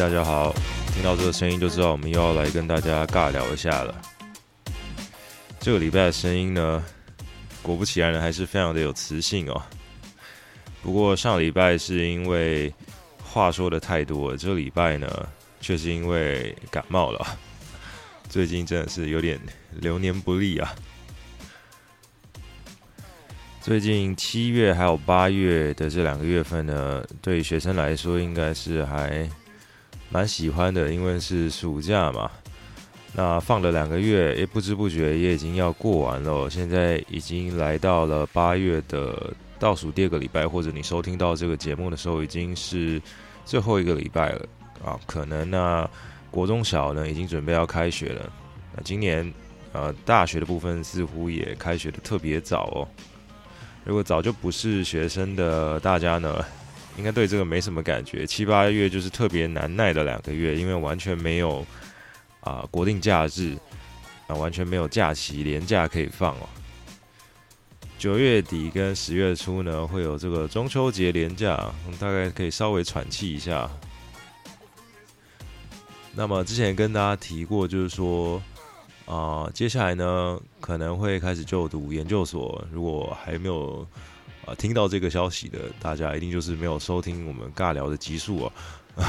大家好，聽到這個聲音就知道我們又要來跟大家尬聊一下了。這個禮拜的聲音呢，果不其然呢，還是非常的有磁性哦。不過上禮拜是因為話說的太多了，這個禮拜呢，卻是因為感冒了。最近真的是有點流年不利啊。最近七月還有八月的這兩個月份呢，對於學生來說應該是還蠻喜歡的，因為是暑假嘛，那放了兩個月，也不知不覺也已經要過完了。現在已經來到了八月的倒數第二個禮拜，或者你收聽到這個節目的時候，已經是最後一個禮拜了啊。可能那、啊、國中小呢，已經準備要開學了。那今年，呃，大學的部分似乎也開學得特別早哦。如果早就不是學生的大家呢，應該對這個沒什麼感覺。七八月就是特別難耐的兩個月，因為完全沒有啊、呃、國定假日，啊、呃、完全沒有假期連假可以放哦、喔。九月底跟十月初呢會有這個中秋節連假，我們大概可以稍微喘氣一下。那麼之前跟大家提過，就是說啊、呃、接下來呢可能會開始就讀研究所，如果還沒有。啊、呃，聽到這個消息的大家一定就是沒有收聽我們尬聊的集數哦。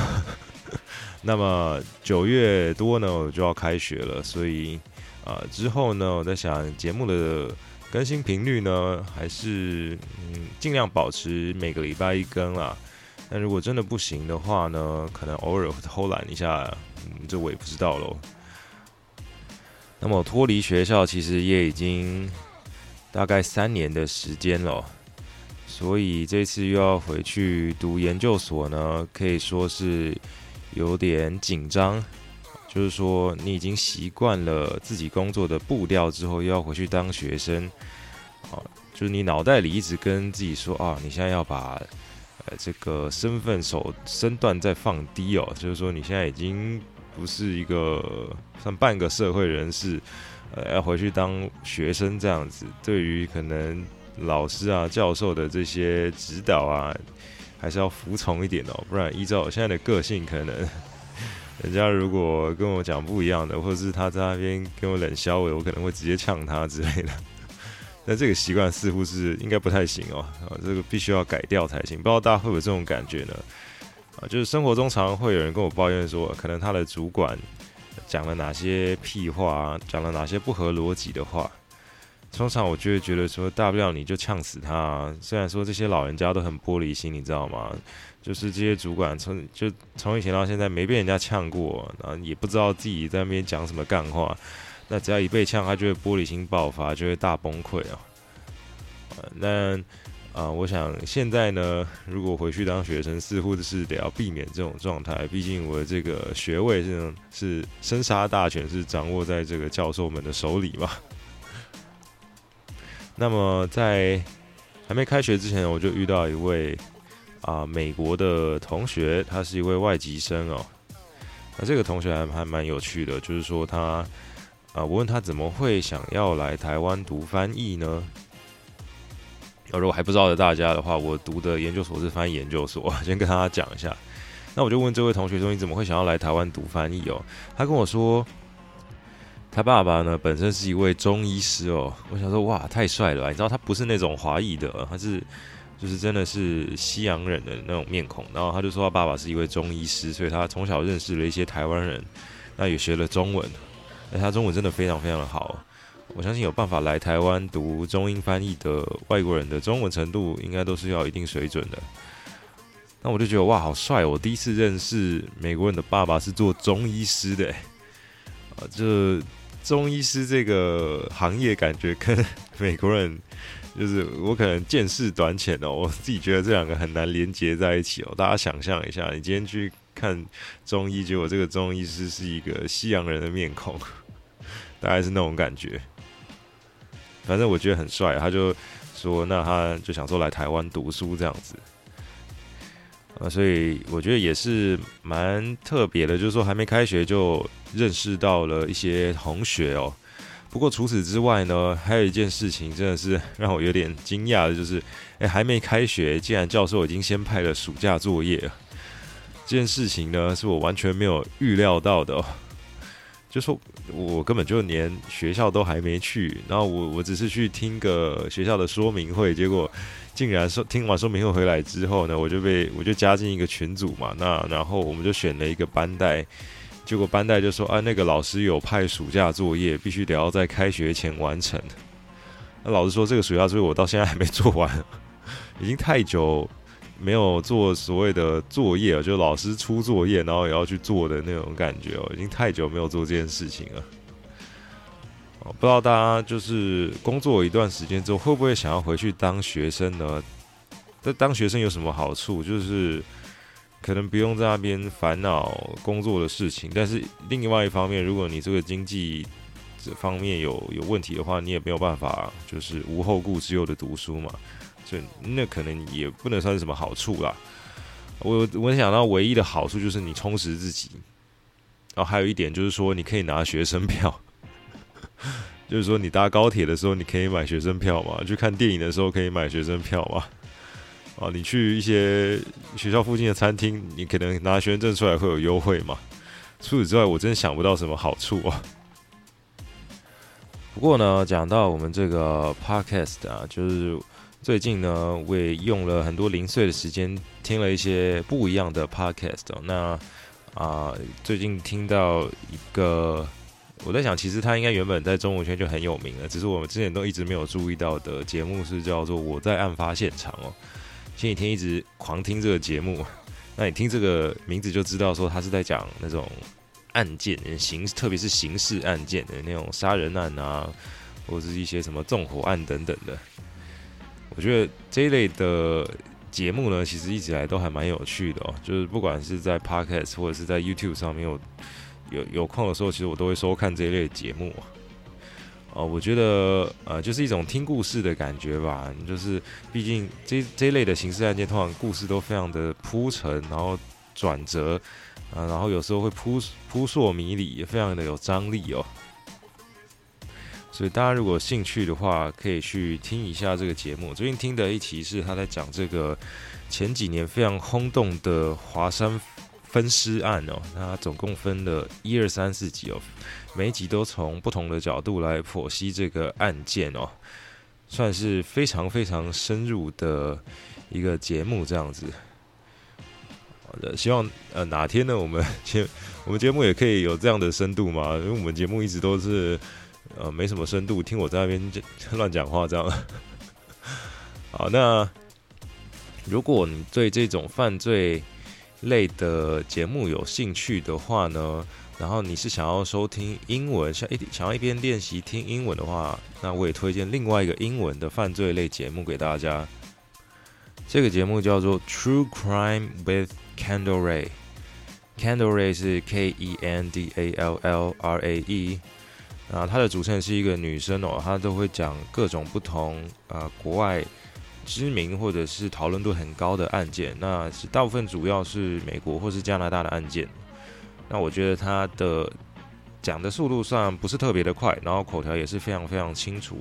那麼九月多呢，我就要開學了，所以啊、呃，之後呢，我在想節目的更新頻率呢，還是嗯儘量保持每個禮拜一更啦。但如果真的不行的話呢，可能偶爾偷懶一下，嗯，這我也不知道嘍。那麼脫離學校其實也已經大概三年的時間了。所以這次又要回去讀研究所呢，可以說是有點緊張。就是說，你已經習慣了自己工作的步調之後，又要回去當學生，就是你腦袋裡一直跟自己說啊，你現在要把呃這個身份、手身段再放低哦，就是說，你現在已經不是一個算半個社會人士，呃，要回去當學生這樣子，對於可能。老師啊，教授的這些指導啊，還是要服從一點哦，不然依照我現在的個性，可能人家如果跟我講不一樣的，或者是他在那邊跟我冷笑我，我可能會直接嗆他之類的。但這個習慣似乎是應該不太行哦，啊，這個必須要改掉才行。不知道大家會不會有這種感覺呢？啊，就是生活中常常會有人跟我抱怨說，可能他的主管講了哪些屁話，講了哪些不合邏輯的話。通常我就會覺得說，大不了你就嗆死他啊。雖然說這些老人家都很玻璃心，你知道嗎？就是這些主管從就從以前到現在沒被人家嗆過，然後也不知道自己在那邊講什麼幹話。那只要一被嗆，他就會玻璃心爆發，就會大崩潰啊。那啊，我想現在呢，如果回去當學生，似乎是得要避免這種狀態。畢竟我的這個學位是是生殺大權是掌握在這個教授們的手裡嘛。那麼在還沒開學之前，我就遇到一位啊、呃、美國的同學，他是一位外籍生哦、喔。那這個同學還還蠻有趣的，就是說他啊、呃，我問他怎麼會想要來台灣讀翻譯呢？那、呃、如果還不知道的大家的話，我讀的研究所是翻譯研究所，先跟大家講一下。那我就問這位同學說，你怎麼會想要來台灣讀翻譯哦、喔？他跟我說。他爸爸呢，本身是一位中醫師哦。我想說，哇，太帥了啊！你知道，他不是那種華裔的，他是就是真的是西洋人的那種面孔。然後他就說，他爸爸是一位中醫師，所以他從小認識了一些台灣人，那也學了中文。而他中文真的非常非常的好。我相信有辦法來台灣讀中英翻譯的外國人的中文程度，應該都是要一定水準的。那我就覺得，哇，好帥哦！我第一次認識美國人的爸爸是做中醫師的，誒啊，這。中醫師這個行業，感覺跟美國人，就是我可能見識短淺哦、喔，我自己覺得這兩個很難連接在一起哦、喔。大家想象一下，你今天去看中醫，結果這個中醫師是一個西洋人的面孔，大概是那種感覺。反正我覺得很帥，他就說，那他就想說來台灣讀書這樣子。所以我覺得也是蠻特別的，就是說還沒開學就認識到了一些同學哦、喔。不過除此之外呢，還有一件事情真的是讓我有點驚訝的，就是誒、欸，還沒開學，竟然教授已經先派了暑假作業。這件事情呢，是我完全沒有預料到的、喔，就是說我根本就連學校都還沒去，然後我我只是去聽個學校的說明會，結果。竟然說聽完說明會回來之後呢，我就被我就加進一個群組嘛。那然後我們就選了一個班代，結果班代就說啊，那個老師有派暑假作業，必須得要在開學前完成。那老師說這個暑假作業我到現在還沒做完，已經太久沒有做所謂的作業，就老師出作業然後也要去做的那種感覺哦，已經太久沒有做這件事情了。不知道大家就是工作一段時間之後會不會想要回去當學生呢？這當學生有什麼好處？就是可能不用在那邊煩惱工作的事情，但是另外一方面，如果你這個經濟這方面有有問題的話，你也沒有辦法就是無後顧之憂的讀書嘛，所以那可能也不能算是什麼好處啦。我我想到唯一的好處就是你充實自己，然後還有一點就是說你可以拿學生票。就是說，你搭高鐵的時候，你可以買學生票嘛？去看電影的時候，可以買學生票嘛？啊，你去一些學校附近的餐廳，你可能拿學生證出來會有優惠嘛？除此之外，我真想不到什麼好處啊、哦。不過呢，講到我們這個 podcast 啊，就是最近呢，我也用了很多零碎的時間聽了一些不一樣的 podcast、哦。那啊、呃，最近聽到一個。我在想，其實他應該原本在中文圈就很有名了，只是我們之前都一直沒有注意到的節目是叫做《我在案發現場》喔。前幾天一直狂聽這個節目，那你聽這個名字就知道，說他是在講那種案件、刑，特別是刑事案件的那種殺人案啊，或者是一些什麼縱火案等等的。我覺得這一類的節目呢，其實一直以來都還蠻有趣的喔，就是不管是在 Podcast 或者是在 YouTube 上面有。有有空的時候，其實我都會收看這一類節目，啊、呃，我覺得呃，就是一種聽故事的感覺吧，就是畢竟這這一類的刑事案件，通常故事都非常的鋪陳，然後轉折，啊，然後有時候會撲撲朔迷離，也非常的有張力哦、喔。所以大家如果興趣的話，可以去聽一下這個節目。最近聽的一期是他在講這個前幾年非常轟動的華山分屍案哦，它總共分了一二三四集哦，每一集都從不同的角度來剖析這個案件哦，算是非常非常深入的一個節目這樣子。好的，希望呃哪天呢，我們節我們節目也可以有這樣的深度嘛。因為我們節目一直都是呃沒什麼深度，聽我在那邊亂講話這樣。好，那如果你對這種犯罪，類的節目有興趣的話呢，然後你是想要收聽英文，想一，想要一邊練習聽英文的話，那我也推薦另外一個英文的犯罪類節目給大家。這個節目叫做《True Crime with Kendall Rae》，Kendall Rae 是 K E N D A L L R A E，啊，它的主持人是一個女生哦，她都會講各種不同啊、呃、國外。知名或者是討論度很高的案件，那是大部分主要是美國或是加拿大的案件。那我覺得他的講的速度算不是特別的快，然後口條也是非常非常清楚，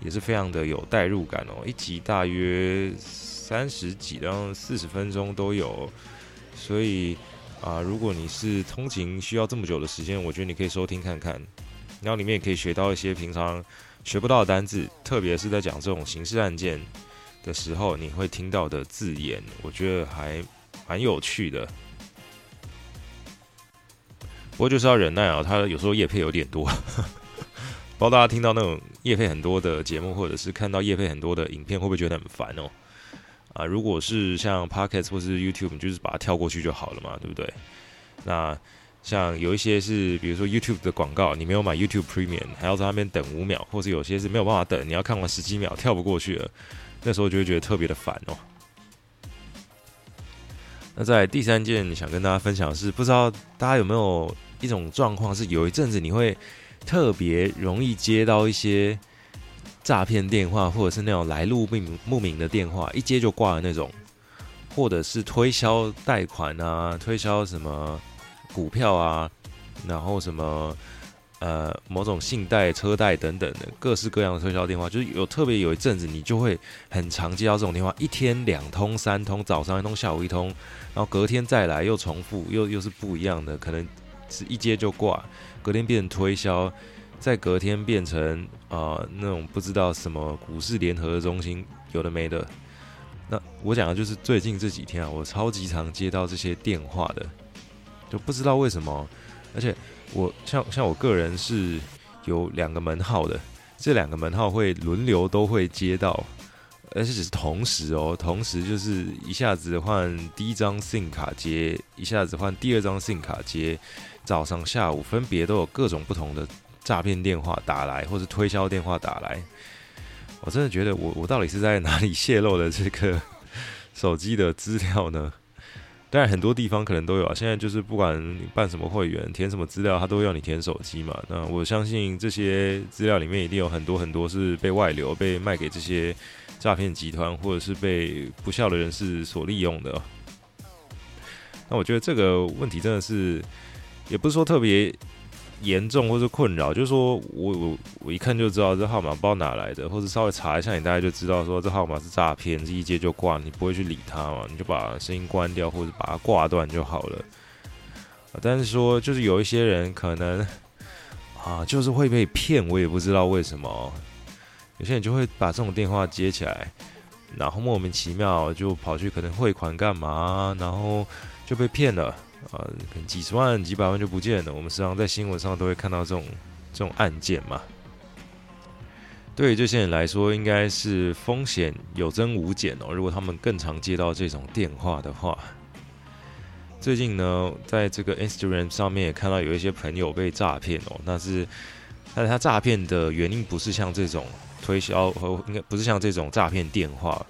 也是非常的有代入感哦。一集大約三十幾到，嗯、四十分鐘都有，所以啊、呃，如果你是通勤需要這麼久的時間，我覺得你可以收聽看看，然後裡面也可以學到一些平常學不到的單字，特別是在講這種刑事案件。的時候你會聽到的字眼，我覺得還蠻有趣的。不過就是要忍耐喔，他有時候業配有點多。不知道大家聽到那種業配很多的節目，或者是看到業配很多的影片，會不會覺得很煩喔？啊，如果是像 Podcast 或是 YouTube，你就是把它跳過去就好了嘛，對不對？那像有一些是，比如說 YouTube 的廣告，你沒有買 YouTube Premium，還要在那邊等五秒，或者有些是沒有辦法等，你要看完十幾秒，跳不過去了。那時候就會覺得特別的煩哦。那在第三件想跟大家分享的是，不知道大家有沒有一種狀況，是有一陣子你會特別容易接到一些詐騙電話，或者是那種來路不明不明的電話，一接就掛的那種，或者是推銷貸款啊，推銷什麼股票啊，然後什麼。呃，某種信貸、車貸等等的各式各樣的推銷電話，就是有特別有一陣子，你就會很常接到這種電話，一天兩通、三通，早上一通，下午一通，然後隔天再來又重複，又又是不一樣的，可能是一接就掛，隔天變成推銷，再隔天變成啊、呃、那種不知道什麼股市聯合的中心有的沒的。那我講的就是最近這幾天啊，我超級常接到這些電話的，就不知道為什麼，而且。我像像我個人是有兩個門號的，這兩個門號會輪流都會接到，而且只是同時哦，同時就是一下子換第一張 SIM 卡接，一下子換第二張 SIM 卡接，早上下午分別都有各種不同的詐騙電話打來，或是推銷電話打來，我真的覺得我我到底是在哪裡洩露了這個手機的資料呢？但很多地方可能都有啊。現在就是不管你辦什麼會員、填什麼資料，他都要你填手機嘛。那我相信這些資料裡面一定有很多很多是被外流、被賣給這些詐騙集團，或者是被不肖的人士所利用的。那我覺得這個問題真的是，也不是說特別。嚴重或是困擾，就是說我我我一看就知道這號碼不知道哪來的，或者稍微查一下，你大概就知道說這號碼是詐騙，這一接就掛，你不會去理他嘛，你就把聲音關掉或者把它掛斷就好了。但是說就是有一些人可能啊，就是會被騙，我也不知道為什麼，有些人就會把這種電話接起來，然後莫名其妙就跑去可能匯款幹嘛，然後就被騙了。啊，可能幾十萬、幾百萬就不見了。我們時常在新聞上都會看到這種這種案件嘛。對於這些人來說，應該是風險有增無減哦。如果他們更常接到這種電話的話，最近呢，在這個 Instagram 上面也看到有一些朋友被詐騙哦。但是，但是他詐騙的原因不是像這種推銷，和應該不是像這種詐騙電話。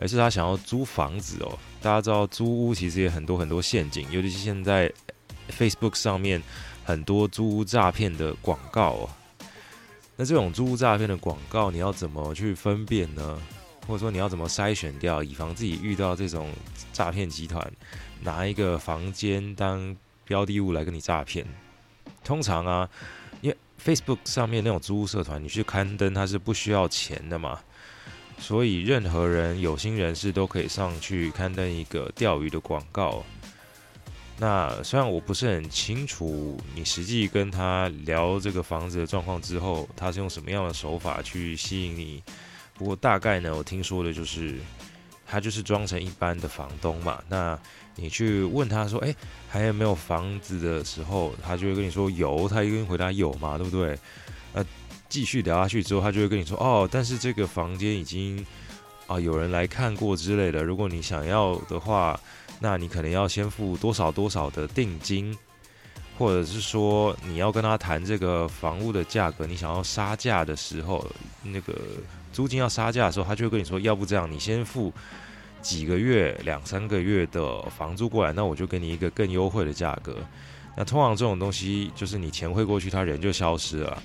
而是他想要租房子哦，大家知道租屋其實也很多很多陷阱，尤其是現在 Facebook 上面很多租屋詐騙的廣告哦。那這種租屋詐騙的廣告，你要怎麼去分辨呢？或者說你要怎麼篩選掉，以防自己遇到這種詐騙集團，拿一個房間當標的物來跟你詐騙？通常啊，因為 Facebook 上面那種租屋社團，你去刊登它是不需要錢的嘛。所以，任何人有心人士都可以上去刊登一個釣魚的廣告。那雖然我不是很清楚，你實際跟他聊這個房子的狀況之後，他是用什麼樣的手法去吸引你？不過大概呢，我聽說的就是，他就是裝成一般的房東嘛。那你去問他說：“哎、欸，還有沒有房子的時候”，他就會跟你說“有”，他一定回答“有”嘛，對不對？繼續聊下去之後，他就會跟你說：“哦，但是這個房間已經啊、呃，有人來看過之類的。如果你想要的話，那你可能要先付多少多少的定金，或者是說你要跟他談這個房屋的價格，你想要殺價的時候，那個租金要殺價的時候，他就會跟你說：要不這樣，你先付幾個月、兩三個月的房租過來，那我就給你一個更優惠的價格。那通常這種東西就是你錢匯過去，他人就消失了。”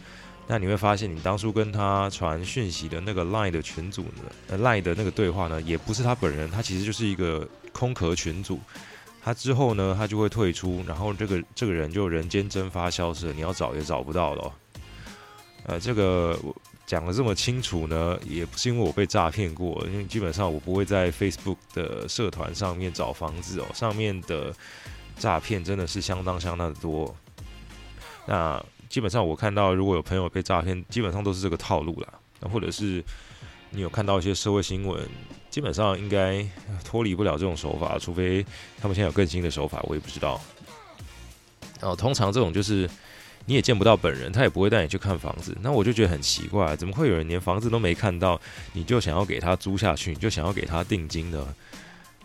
那你會發現，你當初跟他傳訊息的那個 Line 的群組呢，Line 的那個對話呢，也不是他本人，他其實就是一個空殼群組。他之後呢，他就會退出，然後這個這個人就人間蒸發消失了，你要找也找不到咯、哦、呃，這個我講得這麼清楚呢，也不是因為我被詐騙過，因為基本上我不會在 Facebook 的社團上面找房子哦，上面的詐騙真的是相當相當的多、哦。那。基本上，我看到如果有朋友被詐騙，基本上都是這個套路啦。那或者是你有看到一些社會新聞，基本上應該脫離不了這種手法，除非他們現在有更新的手法，我也不知道。哦、啊，通常這種就是你也見不到本人，他也不會帶你去看房子，那我就覺得很奇怪，怎麼會有人連房子都沒看到，你就想要給他租下去，你就想要給他定金呢？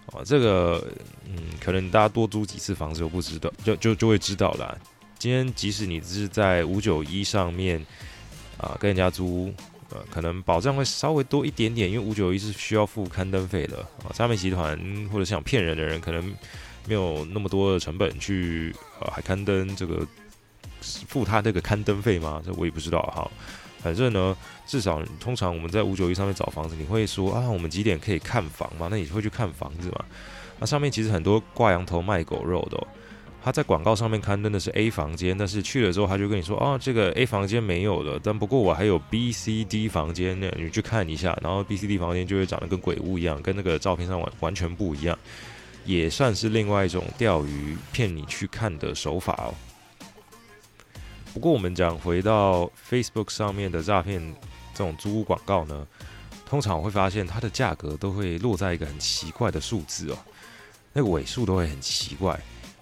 哦、啊，這個，嗯，可能大家多租幾次房子，就不知道，就就就會知道啦。今天即使你是在五九一上面，啊，跟人家租，呃、啊，可能保障會稍微多一點點，因為五九一是需要付刊登費的啊。上面集團或者是想騙人的人，可能沒有那麼多的成本去呃，還、啊、刊登這個，付他這個刊登費嗎？這我也不知道哈。反正呢，至少通常我們在五九一上面找房子，你會說啊，我們幾點可以看房嗎？那你會去看房子嗎？那、啊、上面其實很多掛羊頭賣狗肉的、哦。他在廣告上面刊登的是 A 房間，但是去了之後他就跟你說啊、哦，這個 A 房間沒有了，但不過我還有 B、C、D 房間，你去看一下。然後 B、C、D 房間就會長得跟鬼屋一樣，跟那個照片上完完全不一樣，也算是另外一種釣魚騙你去看的手法哦。不過我們講回到 Facebook 上面的詐騙這種租屋廣告呢，通常會發現它的價格都會落在一個很奇怪的數字哦，那個尾數都會很奇怪。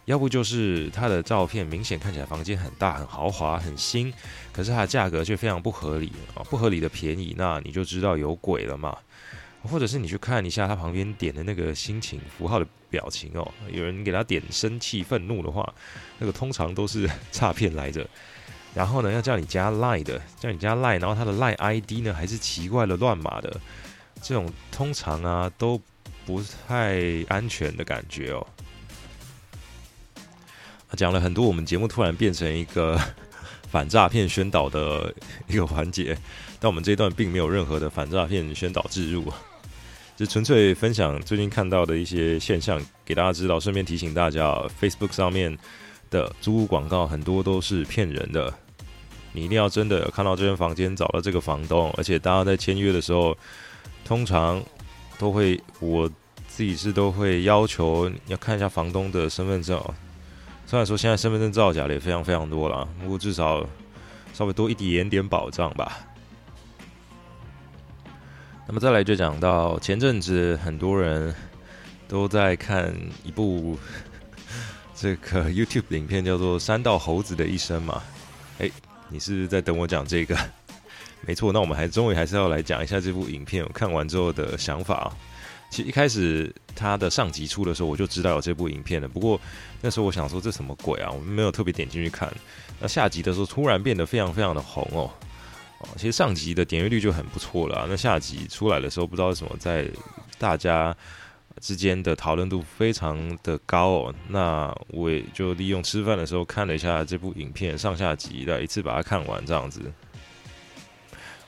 要不就是他的照片明顯看起來房間很大、很豪華、很新，可是他的價格卻非常不合理哦，不合理的便宜，那你就知道有鬼了嘛。或者是你去看一下他旁邊點的那個心情符號的表情哦，有人給他點生氣、憤怒的話，那個通常都是詐 騙來着。然後呢，要叫你加 LINE 的，叫你加 LINE，然後他的 LINE ID 呢還是奇怪的亂碼的，這種通常啊都不太安全的感覺哦。講了很多，我們節目突然變成一個反詐騙宣導的一個環節，但我們這一段並沒有任何的反詐騙宣導置入，就純粹分享最近看到的一些現象給大家知道，順便提醒大家，Facebook 上面的租屋廣告很多都是騙人的，你一定要真的看到這間房間，找到這個房東，而且大家在簽約的時候，通常都會我自己是都會要求要看一下房東的身份證哦雖然說現在身份證造假的也非常非常多了，不過至少稍微多一點點保障吧。那麼再來就講到前陣子很多人都在看一部這個 YouTube 影片，叫做《山道猴子的一生》嘛。哎、欸，你是不是在等我講這個？沒錯，那我們還終於還是要來講一下這部影片，我看完之後的想法。其實一開始他的上集出的時候，我就知道有這部影片了。不過那時候我想說這什麼鬼啊，我們沒有特別點進去看。那下集的時候突然變得非常非常的紅哦哦，其實上集的點閱率就很不錯了啊。那下集出來的時候，不知道為什麼在大家之間的討論度非常的高哦。那我也就利用吃飯的時候看了一下這部影片上下集，來一次把它看完這樣子。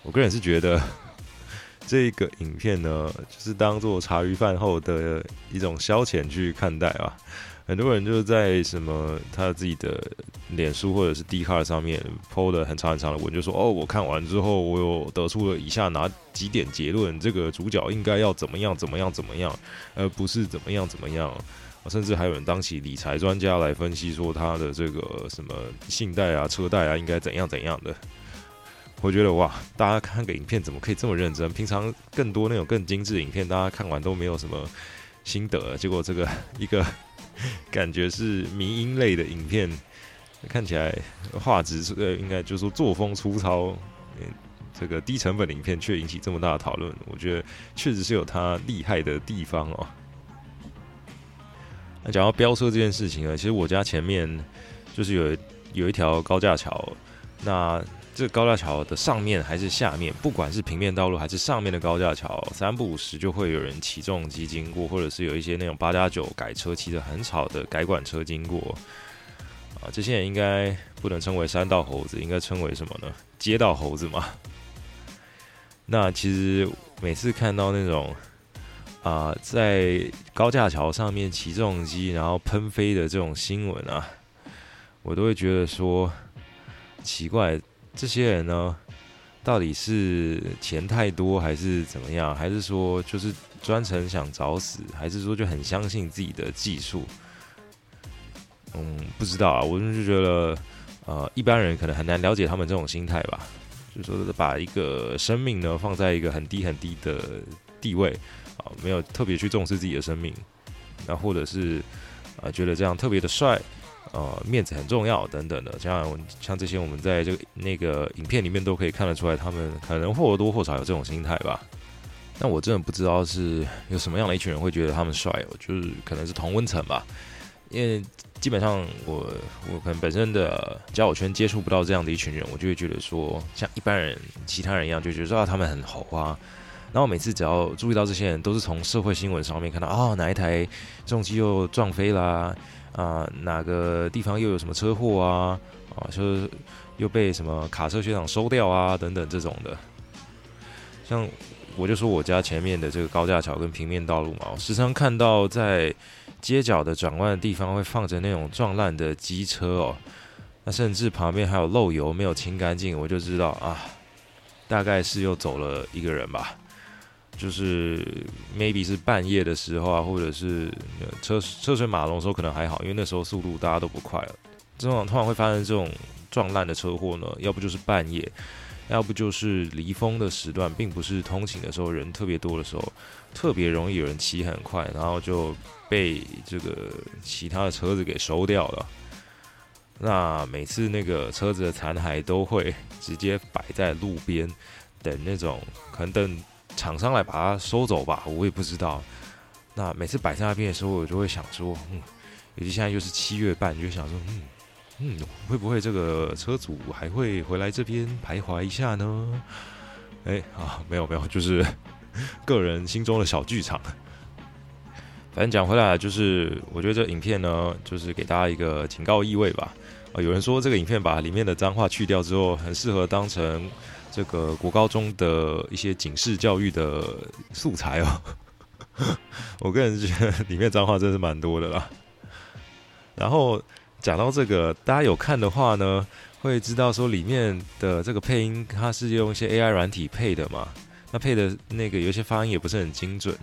我個人是覺得。這個影片呢，就是當做茶餘飯後的一種消遣，去看待啊。很多人就在什麼他自己的臉書或者是 D 卡上面，PO 的很長很長的文，就說哦，我看完之後，我有得出了以下哪幾點結論，這個主角應該要怎麼樣怎麼樣怎麼樣，而、呃、不是怎麼樣怎麼樣。甚至還有人當起理財專家來分析說他的這個什麼信貸啊、車貸啊應該怎樣怎樣的。我覺得哇，大家看個影片，怎麼可以這麼認真？平常更多那種更精致的影片，大家看完都沒有什麼心得。結果這個一個感覺是迷因類的影片，看起來畫質呃應該就是說作風粗糙，嗯，這個低成本的影片卻引起這麼大的討論，我覺得確實是有它厲害的地方哦。那講到飆車這件事情呢，其實我家前面就是有一有一條高架橋，那。這高架橋的上面還是下面？不管是平面道路還是上面的高架橋，三不五時就會有人騎重機經過，或者是有一些那種八加九改車，騎著很吵的改管車經過。啊，這些人應該不能稱為山道猴子，應該稱為什麼呢？街道猴子嘛。那其實每次看到那種啊、呃，在高架橋上面騎重機，然後噴飛的這種新聞啊，我都會覺得說奇怪。這些人呢，到底是錢太多還是怎麼樣？還是說就是專程想找死？還是說就很相信自己的技術？嗯，不知道啊。我就是覺得，呃，一般人可能很難了解他們這種心態吧。就是說，把一個生命呢，放在一個很低很低的地位啊、呃，沒有特別去重視自己的生命，那或者是啊、呃，覺得這樣特別的帥。呃，面子很重要等等的，像像這些，我們在這個那個影片裡面都可以看得出來，他們可能或多或少有這種心態吧。那我真的不知道是有什麼樣的一群人會覺得他們帥，就是可能是同溫層吧。因為基本上我我可能本身的交友圈接觸不到這樣的一群人，我就會覺得說，像一般人其他人一樣，就覺得說、啊、他們很猴啊。然後我每次只要注意到這些人，都是從社會新聞上面看到啊、哦、哪一台重機又撞飛啦、啊。啊，哪個地方又有什麼車禍啊？啊，就是又被什麼卡車學長收掉啊，等等這種的。像我就說我家前面的這個高架橋跟平面道路嘛，我時常看到在街角的轉彎的地方會放着那種撞爛的機車哦，那甚至旁邊還有漏油沒有清乾淨，我就知道啊，大概是又走了一個人吧。就是 maybe 是半夜的時候啊，或者是車車水馬龍的時候可能還好，因為那時候速度大家都不快了。這種突然會發生這種撞爛的車禍呢，要不就是半夜，要不就是離峰的時段，並不是通勤的時候人特別多的時候，特別容易有人騎很快，然後就被這個其他的車子給收掉了。那每次那個車子的殘骸都會直接擺在路邊，等那種可能等。廠商來把它收走吧，我也不知道。那每次擺上那邊的時候，我就會想說，嗯，尤其現在又是七月半，就想說，嗯嗯，會不會這個車主還會回來這邊徘徊一下呢？誒、欸，啊，沒有沒有，就是個人心中的小劇場。反正講回來，就是我覺得這影片呢，就是給大家一個警告意味吧。啊、呃，有人說這個影片把裡面的髒話去掉之後，很適合當成。這個國高中的一些警示教育的素材哦， 我個人覺得裡面髒話真是蠻多的啦。然後講到這個，大家有看的話呢，會知道說裡面的這個配音，它是用一些 AI 軟體配的嘛，那配的那個有些發音也不是很精準。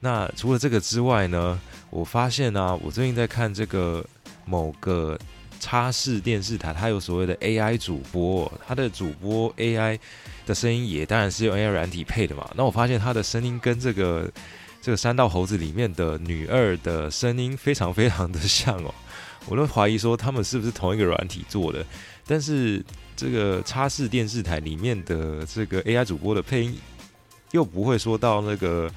那除了這個之外呢，我發現呢、啊，我最近在看這個某個。插視電視台，它有所謂的 AI 主播，它的主播 AI 的聲音也當然是用 AI 軟體配的嘛。那我發現它的聲音跟這個這個山道猴子裡面的女二的聲音非常非常的像哦，我都懷疑說他們是不是同一個軟體做的。但是這個插視電視台裡面的這個 AI 主播的配音，又不會說到那個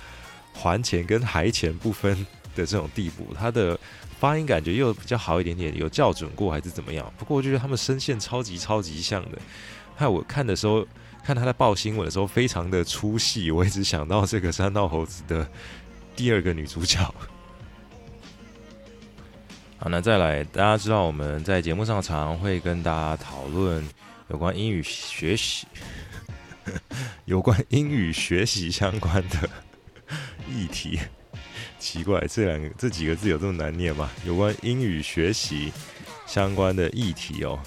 還錢跟還錢不分的這種地步，它的。發音感覺又比較好一點點，有校準過還是怎麼樣？不過我覺得他們聲線超級超級像的，害我看的時候，看他在報新聞的時候非常的出戲，我一直想到這個山道猴子的第二個女主角。好，那再來，大家知道我們在節目上常常會跟大家討論有關英語學習， 有關英語學習相關的議題。奇怪，這兩個這幾個字有這麼難唸嗎？有關英語學習相關的議題哦。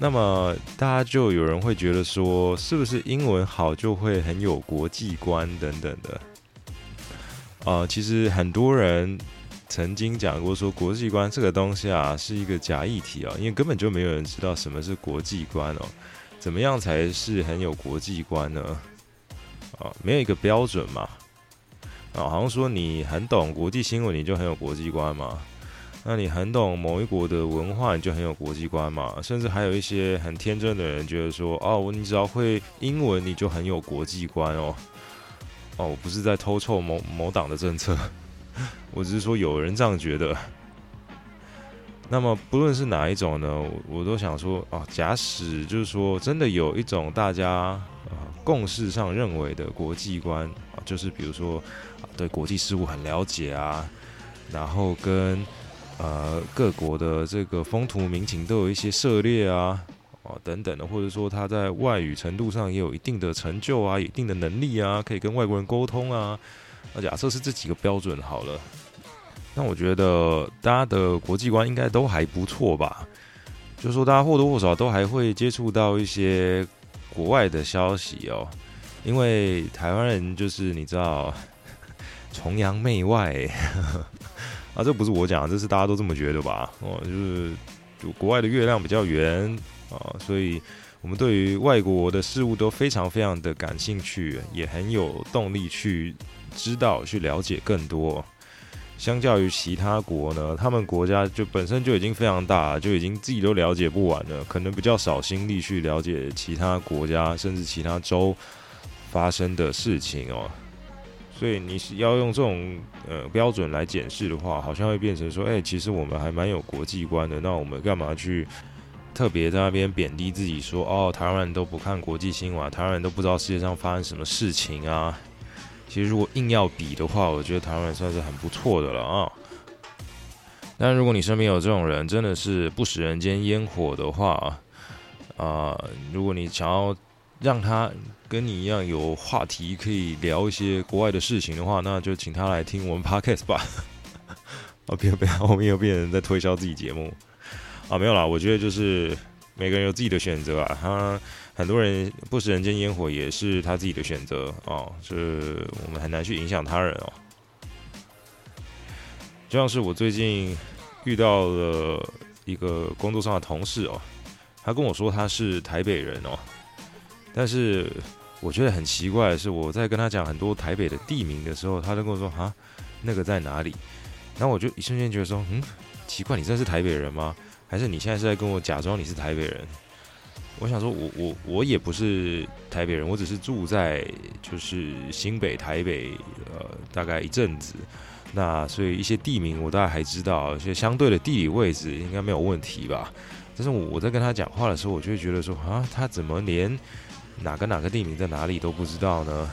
那麼大家就有人會覺得說，是不是英文好就會很有國際觀等等的？啊、呃，其實很多人曾經講過說，國際觀這個東西啊，是一個假議題哦，因為根本就沒有人知道什麼是國際觀哦，怎麼樣才是很有國際觀呢？啊、呃，沒有一個標準嘛。哦，好像說你很懂國際新聞，你就很有國際觀嘛？那你很懂某一國的文化，你就很有國際觀嘛？甚至還有一些很天真的人覺得說，哦，你只要會英文，你就很有國際觀哦。哦，我不是在偷臭某某黨的政策，我只是說有人這樣覺得。那麼不論是哪一種呢，我我都想說，哦，假使就是說真的有一種大家，呃，共識上認為的國際觀，就是比如說。對國際事務很了解啊，然後跟呃各國的這個風土民情都有一些涉獵啊、哦，等等的，或者說他在外語程度上也有一定的成就啊，一定的能力啊，可以跟外國人溝通啊。那假設是這幾個標準好了，那我覺得大家的國際觀應該都還不錯吧。就是說大家或多或少都還會接觸到一些國外的消息哦，因為台灣人就是你知道。崇洋媚外 啊，這不是我講的，這是大家都這麼覺得吧？哦，就是就國外的月亮比較圓啊，哦，所以我們對於外國的事物都非常非常的感興趣，也很有動力去知道去了解更多。相較於其他國家呢，他們國家就本身就已經非常大，就已經自己都了解不完了，可能比較少心力去了解其他國家甚至其他州發生的事情哦。所以你是要用這種呃標準來檢視的話，好像會變成說，哎、欸，其實我們還蠻有國際觀的。那我們幹嘛去特別在那邊貶低自己說，說哦，台灣人都不看國際新聞、啊，台灣人都不知道世界上發生什麼事情啊？其實如果硬要比的話，我覺得台灣算是很不錯的了啊。但如果你身邊有這種人，真的是不食人間煙火的話啊、呃，如果你想要。讓他跟你一樣有話題可以聊一些國外的事情的話，那就請他來聽我們 Podcast 吧。哦， 不要不要，我們又變成在推銷自己節目啊，沒有啦，我覺得就是每個人有自己的選擇啊。他很多人不食人間煙火也是他自己的選擇啊，這、就是、我們很難去影響他人哦、喔。就像是我最近遇到了一個工作上的同事哦、喔，他跟我說他是台北人哦、喔。但是我覺得很奇怪的是，我在跟他講很多台北的地名的時候，他就跟我說：“哈，那個在哪裡？”然後我就一瞬間覺得說：“嗯，奇怪，你真的是台北人嗎？還是你現在是在跟我假裝你是台北人？”我想說我，我我我也不是台北人，我只是住在就是新北、台北呃，大概一陣子。那所以一些地名我大概還知道，而且相對的地理位置應該沒有問題吧。但是我在跟他講話的時候，我就會覺得說：“啊，他怎麼連？”哪個哪個地名在哪裡都不知道呢？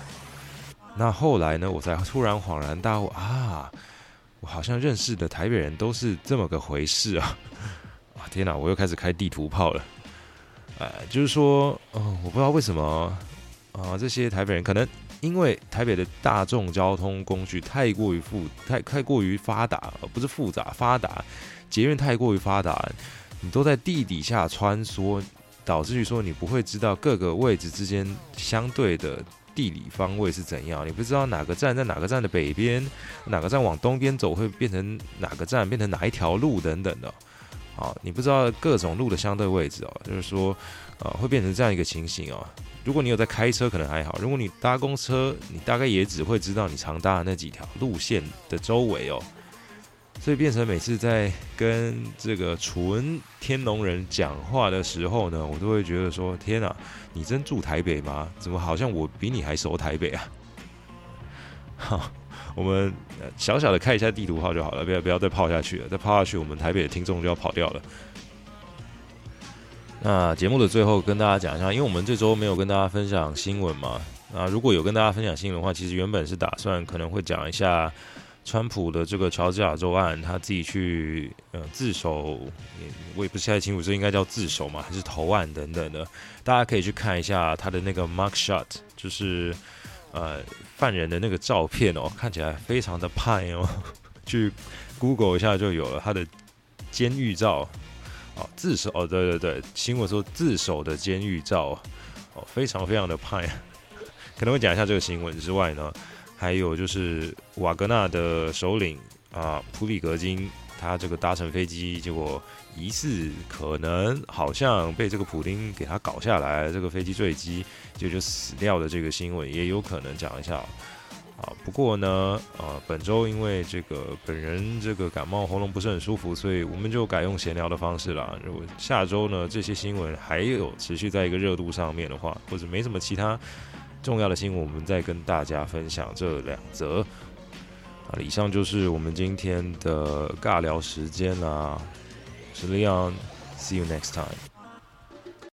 那後來呢？我才突然恍然大悟啊！我好像認識的台北人都是這麼個回事啊！啊天哪！我又開始開地圖炮了。呃、哎，就是說，嗯，我不知道為什麼啊，這些台北人可能因為台北的大眾交通工具太過於複太太過於發達，而不是複雜發達，捷運太過於發達，你都在地底下穿梭。導致於說，你不會知道各個位置之間相對的地理方位是怎樣，你不知道哪個站在哪個站的北邊，哪個站往東邊走會變成哪個站，變成哪一條路等等的，啊，你不知道各種路的相對位置哦，就是說，啊，會變成這樣一個情形哦。如果你有在開車，可能還好；如果你搭公車，你大概也只會知道你常搭的那幾條路線的周圍哦。所以變成每次在跟這個純天龍人講話的時候呢，我都會覺得說：天啊，你真住台北嗎？怎麼好像我比你還熟台北啊？好，我們小小的開一下地圖炮就好了，不要不要再炮下去了，再炮下去我們台北的聽眾就要跑掉了。那節目的最後跟大家講一下，因為我們這周沒有跟大家分享新聞嘛。那如果有跟大家分享新聞的話，其實原本是打算可能會講一下。川普的這個喬治亞州案，他自己去呃自首，我也是不太清楚，這應該叫自首嗎？還是投案等等的？大家可以去看一下他的那個 mug shot，就是呃犯人的那個照片哦，看起來非常的胖哦。去 Google 一下就有了他的監獄照哦，自首哦，對對對，新聞說自首的監獄照哦，非常非常的胖。可能會講一下這個新聞之外呢。還有就是瓦格納的首領啊，普里格金，他這個搭乘飛機，結果疑似可能好像被這個普丁給他搞下來，這個飛機墜機就就死掉的這個新聞，也有可能講一下啊。不過呢，啊，本周因為這個本人這個感冒喉嚨不是很舒服，所以我們就改用閒聊的方式了。如果下周呢這些新聞還有持續在一個熱度上面的話，或者沒什麼其他。重要的新聞，我們再跟大家分享這兩則。啊，以上就是我們今天的尬聊時間啦。我是 Leon，see you next time。